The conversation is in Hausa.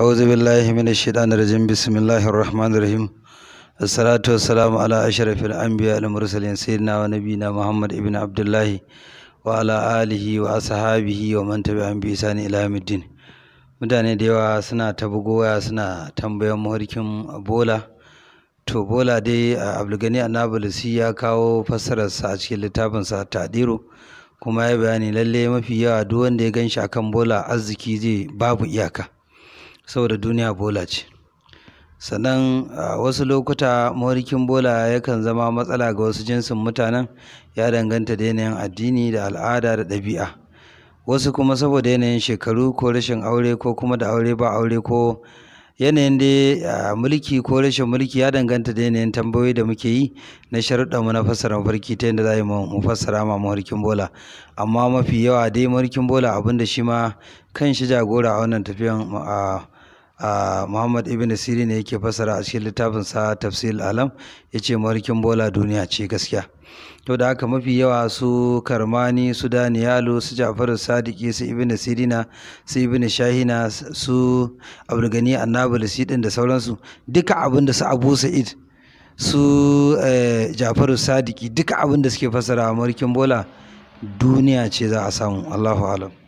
أعوذ بالله من الشيطان الرجيم بسم الله الرحمن الرحيم الصلاة والسلام على أشرف الأنبياء المرسلين سيدنا ونبينا محمد ابن عبد الله وعلى آله وأصحابه ومن تبعهم بإحسان إلى يوم الدين mutane da yawa suna ta bugowa suna tambayan muharkin bola to bola dai a abulgani anabulisi ya kawo fassararsa a cikin littafinsa tadiru kuma ya bayani lalle mafi yawa duk wanda ya ganshi akan bola arziki zai babu iyaka saboda duniya bola ce sannan a wasu lokuta morikin bola yakan zama matsala ga wasu jinsin mutanen ya danganta da yanayin addini da al'ada da ɗabi'a wasu kuma saboda yanayin shekaru ko rashin aure ko kuma da aure ba aure ko yanayin da mulki ko rashin mulki ya danganta da yanayin tambayoyi da muke yi na sharuɗa mu na fassara mafarki ta yadda za mu fassara ma mawarkin bola amma mafi yawa dai mawarkin bola abinda shi ma kan shi jagora a wannan tafiyan a Muhammad ibn Siri ne yake fasara a cikin littafin sa Tafsil Alam ce marikin bola duniya ce gaskiya to da haka mafi yawa su Karmani su Daniyalo su Ja'far Sadiki su Ibn Sirina su Ibn Shahina su Abdulgani Annabulsi din da sauransu duka abin da su Abu Sa'id su eh, jafaru sadiki duka abin da suke fasara a markin bola duniya ce za a samu allahu alam